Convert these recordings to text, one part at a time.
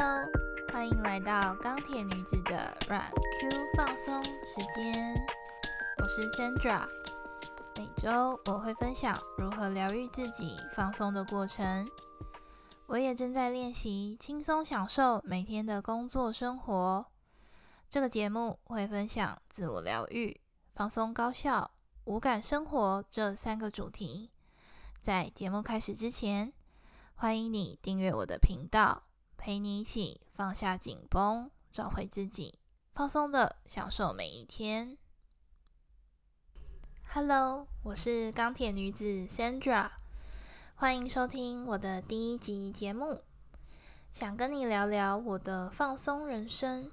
Hello，歡迎來到鋼鐵女子的軟 Q 放鬆時間，我是 Sandra。每週我會分享如何療癒自己、放鬆的過程。我也正在練習輕鬆享受每天的工作生活。這個節目會分享自我療癒、放鬆高效、五感生活這三個主題。在節目開始之前，歡迎你訂閱我的頻道。陪你一起放下緊繃，找回自己，放鬆的享受每一天。Hello，我是鋼鐵女芷 Sandra，歡迎收聽我的第一集節目。想跟你聊聊我的放鬆人生。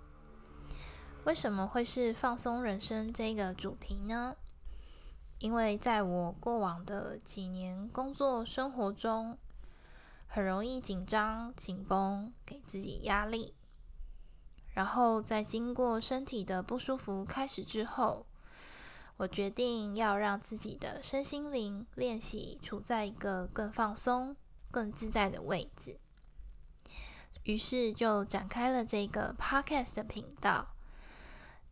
為什麼會是放鬆人生這個主題呢？因為在我過往的幾年工作生活中，很容易緊張、緊繃，給自己壓力。然後在經過身體的不舒服開始之後，我決定要讓自己的身心靈練習處在一個更放鬆、更自在的位置。於是就展開了這個 Podcast 的頻道，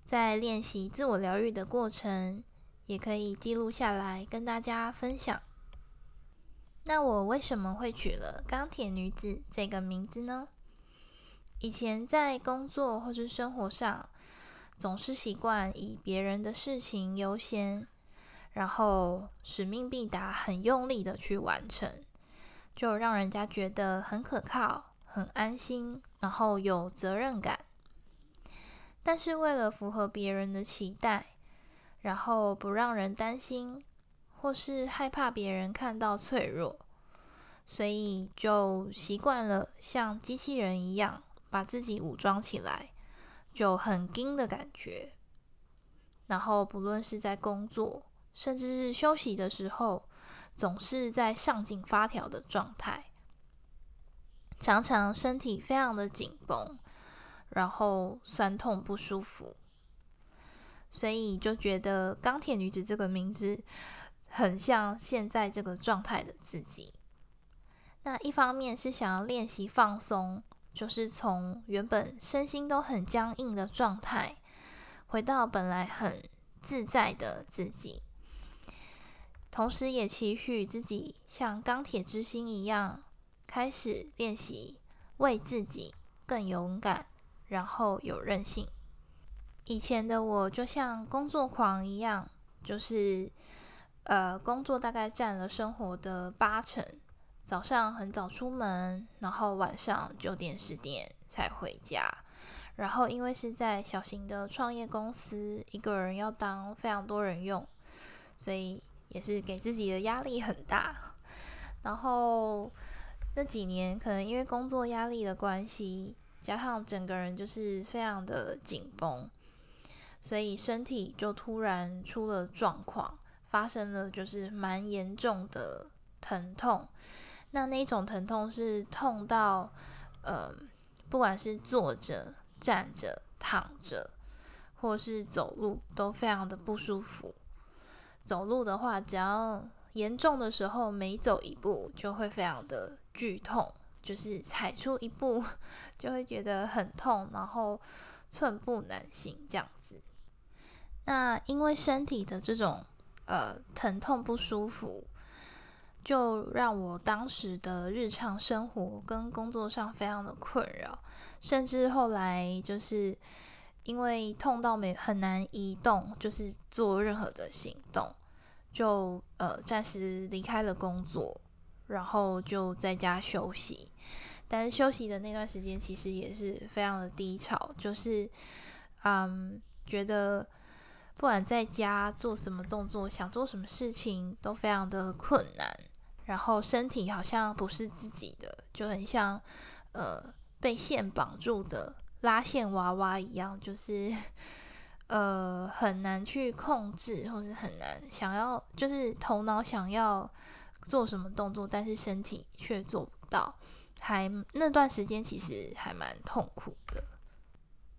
在練習自我療癒的過程，也可以記錄下來跟大家分享。那我為什麼會取了“鋼鐵女芷”這個名字呢？以前在工作或是生活上，總是習慣以別人的事情優先，然後使命必達，很用力的去完成，就讓人家覺得很可靠、很安心，然後有責任感。但是為了符合別人的期待，然後不讓人擔心。或是害怕別人看到脆弱，所以就習慣了像機器人一樣把自己武裝起來，就很硬的感覺。然後不論是在工作，甚至是休息的時候，總是在上緊發條的狀態，常常身體非常的緊繃，然後酸痛不舒服，所以就覺得“鋼鐵女芷”這個名字，很像現在這個狀態的自己。那一方面是想要練習放鬆，就是從原本身心都很僵硬的狀態，回到本來很自在的自己。同時，也期許自己像鋼鐵之心一樣，開始練習為自己更勇敢，然後有韌性。以前的我就像工作狂一樣，就是。呃，工作大概占了生活的八成，早上很早出門，然後晚上九點十點才回家。然後因為是在小型的創業公司，一個人要當非常多人用，所以也是給自己的壓力很大。然後那幾年可能因為工作壓力的關係，加上整個人就是非常的緊繃，所以身體就突然出了狀況。發生了就是蠻嚴重的疼痛，那那一種疼痛是痛到，嗯、呃、不管是坐着、站着、躺着，或是走路，都非常的不舒服。走路的話，只要嚴重的時候，每走一步就會非常的劇痛，就是踩出一步就會覺得很痛，然後寸步難行這樣子。那因為身體的這種。呃，疼痛不舒服，就讓我當時的日常生活跟工作上非常的困擾，甚至後來就是因為痛到沒很難移動，就是做任何的行動，就呃暫時離開了工作，然後就在家休息。但是休息的那段時間其實也是非常的低潮，就是嗯覺得。不管在家做什麼動作，想做什麼事情都非常的困難，然後身體好像不是自己的，就很像呃被線綁住的拉線娃娃一樣，就是呃很難去控制，或是很難想要，就是頭腦想要做什麼動作，但是身體卻做不到，還那段時間其實還蠻痛苦的。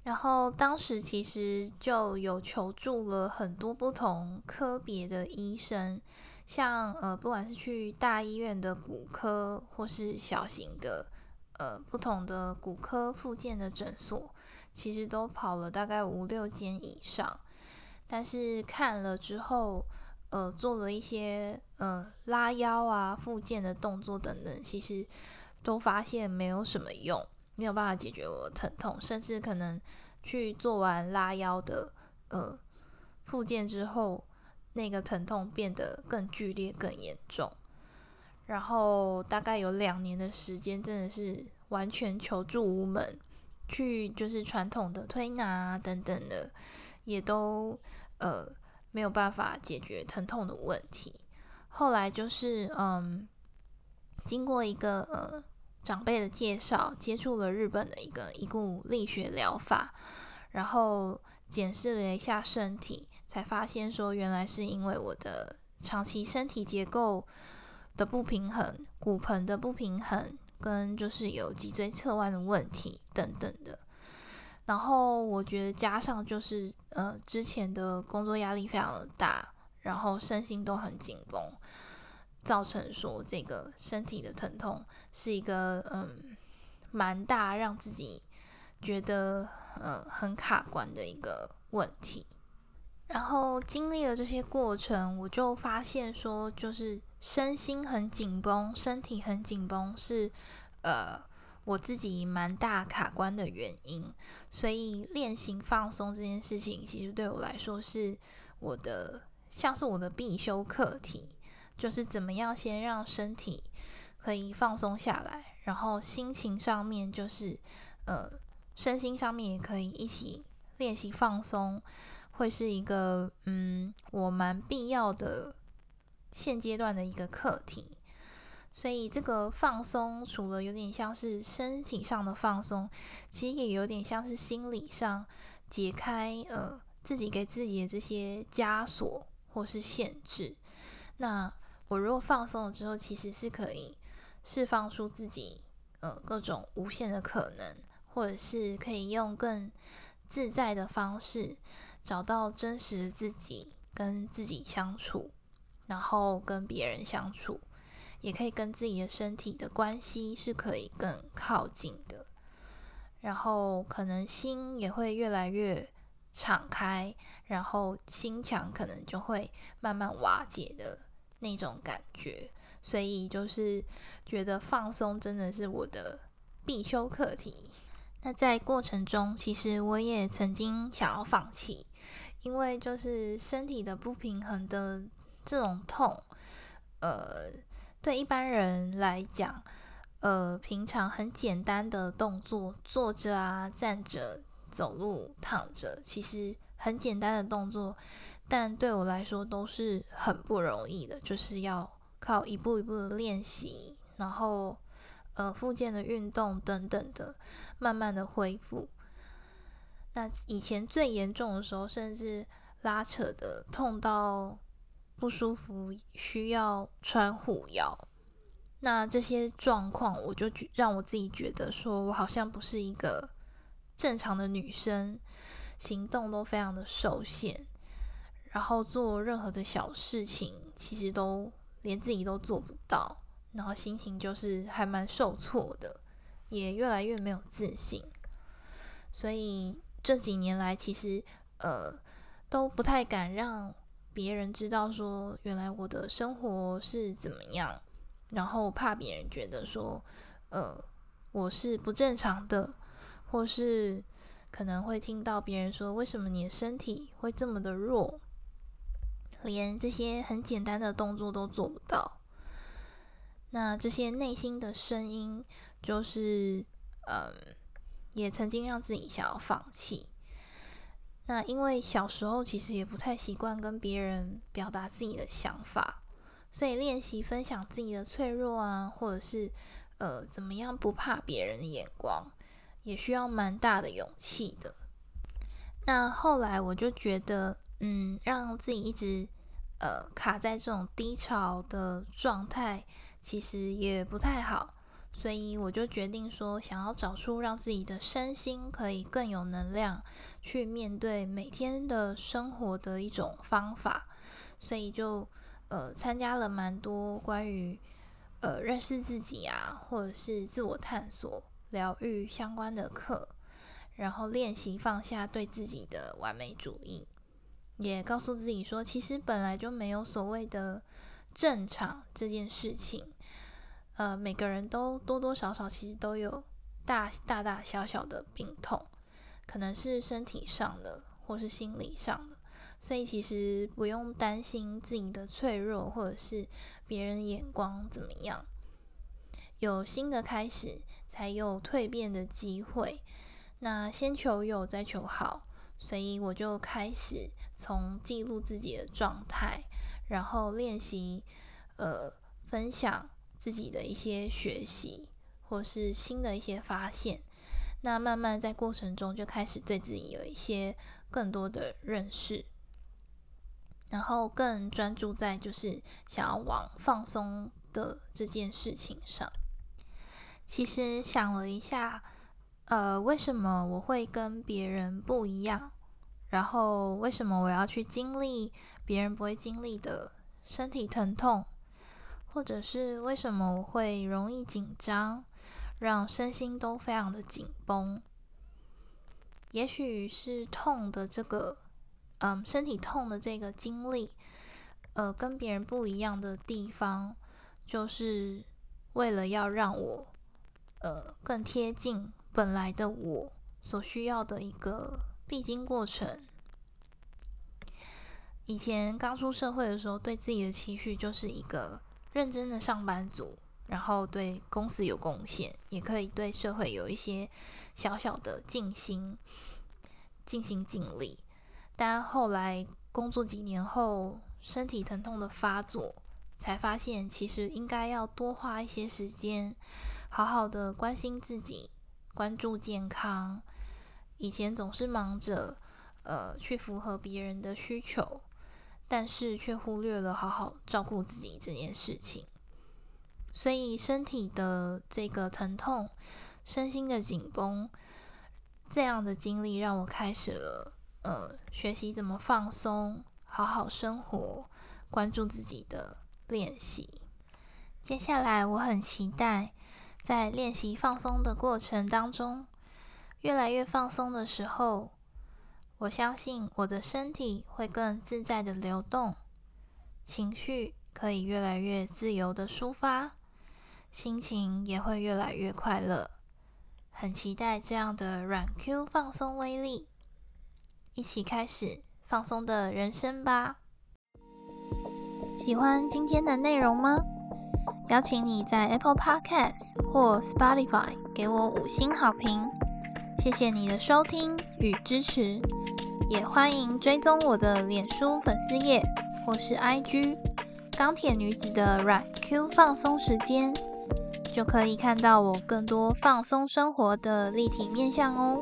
然後當時其實就有求助了很多不同科別的醫生，像呃不管是去大醫院的骨科，或是小型的呃不同的骨科，復健的診所，其實都跑了大概五六間以上，但是看了之後，呃做了一些嗯、呃、拉腰啊、復健的動作等等，其實都發現沒有什麼用。沒有辦法解決我的疼痛，甚至可能去做完拉腰的呃復健之後，那個疼痛變得更劇烈，更嚴重。然後大概有兩年的時間，真的是完全求助無門，去就是傳統的推拿等等的，也都呃沒有辦法解決疼痛的問題。後來就是嗯，經過一個呃長輩的介紹，接觸了日本的一個一股力學療法，然後檢視了一下身體，才發現說原來是因為我的長期身體結構的不平衡、骨盆的不平衡，跟就是有脊椎側彎的問題等等的。然後我覺得加上就是呃之前的工作壓力非常的大，然後身心都很緊繃。造成說這個身體的疼痛是一個嗯蠻大讓自己覺得呃很卡關的一個問題，然後經歷了這些過程，我就發現說就是身心很緊繃，身體很緊繃是呃我自己蠻大卡關的原因，所以練習放鬆這件事情，其實對我來說是我的像是我的必修課題。就是怎麼樣先讓身體可以放鬆下來，然後心情上面就是，呃，身心上面也可以一起練習放鬆，會是一個嗯我蠻必要的現階段的一個課題。所以這個放鬆除了有點像是身體上的放鬆，其實也有點像是心理上解開呃自己給自己的這些枷鎖或是限制。那我如果放鬆了之後，其實是可以釋放出自己，呃，各種無限的可能，或者是可以用更自在的方式找到真實的自己，跟自己相處，然後跟別人相處，也可以跟自己的身體的關係是可以更靠近的，然後可能心也會越來越敞開，然後心牆可能就會慢慢瓦解的。那種感覺，所以就是覺得放鬆真的是我的必修課題。那在過程中，其實我也曾經想要放棄，因為就是身體的不平衡的這種痛，呃，對一般人來講，呃，平常很簡單的動作，坐着啊、站着、走路、躺着，其實。很簡單的動作，但對我來說都是很不容易的，就是要靠一步一步的練習，然後呃，復健的運動等等的，慢慢的恢復。那以前最嚴重的時候，甚至拉扯的，痛到不舒服，需要穿護腰。那這些狀況，我就讓我自己覺得說，我好像不是一個正常的女生。行動都非常的受限，然後做任何的小事情，其實都連自己都做不到，然後心情就是還蠻受挫的，也越來越沒有自信。所以這幾年來，其實呃都不太敢讓別人知道說原來我的生活是怎麼樣，然後怕別人覺得說呃我是不正常的，或是。可能會聽到別人說：“為什麼你的身體會這麼的弱，連這些很簡單的動作都做不到？”那這些內心的聲音，就是，嗯，也曾經讓自己想要放棄。那因為小時候其實也不太習慣跟別人表達自己的想法，所以練習分享自己的脆弱啊，或者是，呃，怎麼樣不怕別人的眼光。也需要蠻大的勇氣的。那後來我就覺得，嗯，讓自己一直呃卡在這種低潮的狀態，其實也不太好。所以我就決定說，想要找出讓自己的身心可以更有能量，去面對每天的生活的一種方法。所以就呃參加了蠻多關於呃認識自己啊，或者是自我探索、療癒相關的課，然後練習放下對自己的完美主義，也告訴自己說，其實本來就沒有所謂的正常這件事情。呃，每個人都多多少少其實都有大大大小小的病痛，可能是身體上的，或是心理上的，所以其實不用擔心自己的脆弱，或者是別人眼光怎麼樣。有新的開始，才有蛻變的機會。那先求有，再求好，所以我就開始從記錄自己的狀態，然後練習，呃，分享自己的一些學習或是新的一些發現。那慢慢在過程中就開始對自己有一些更多的認識，然後更專注在就是想要往放鬆的這件事情上。其實想了一下，呃，為什麼我會跟別人不一樣？然後為什麼我要去經歷別人不會經歷的身體疼痛？或者是為什麼我會容易緊張，讓身心都非常的緊繃？也許是痛的這個，嗯、呃，身體痛的這個經歷，呃，跟別人不一樣的地方，就是為了要讓我。呃，更貼近本來的我所需要的一個必經過程。以前剛出社會的時候，對自己的期許就是一個認真的上班族，然後對公司有貢獻，也可以對社會有一些小小的盡心盡心盡力。但後來工作幾年後，身體疼痛的發作，才發現其實應該要多花一些時間。好好的關心自己，關注健康。以前總是忙着呃去符合別人的需求，但是卻忽略了好好照顧自己這件事情。所以身體的這個疼痛、身心的緊繃，這樣的經歷讓我開始了呃學習怎麼放鬆、好好生活、關注自己的練習。接下來我很期待。在練習放鬆的過程當中，越來越放鬆的時候，我相信我的身體會更自在的流動，情緒可以越來越自由的抒發，心情也會越來越快樂。很期待這樣的軟 Q 放鬆威力，一起開始放鬆的人生吧！喜歡今天的內容嗎？邀請你在 Apple Podcast 或 Spotify 給我五星好評，謝謝你的收聽與支持。也歡迎追蹤我的臉書粉絲頁或是 IG“ 鋼鐵女芷”的軟 Q 放鬆時間，就可以看到我更多放鬆生活的立體面相哦。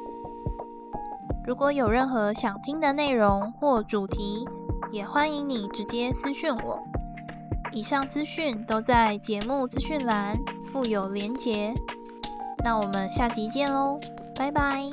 如果有任何想聽的內容或主題，也歡迎你直接私訊我。以上資訊都在節目資訊欄，附有連結，那我們下集見嘍，拜拜。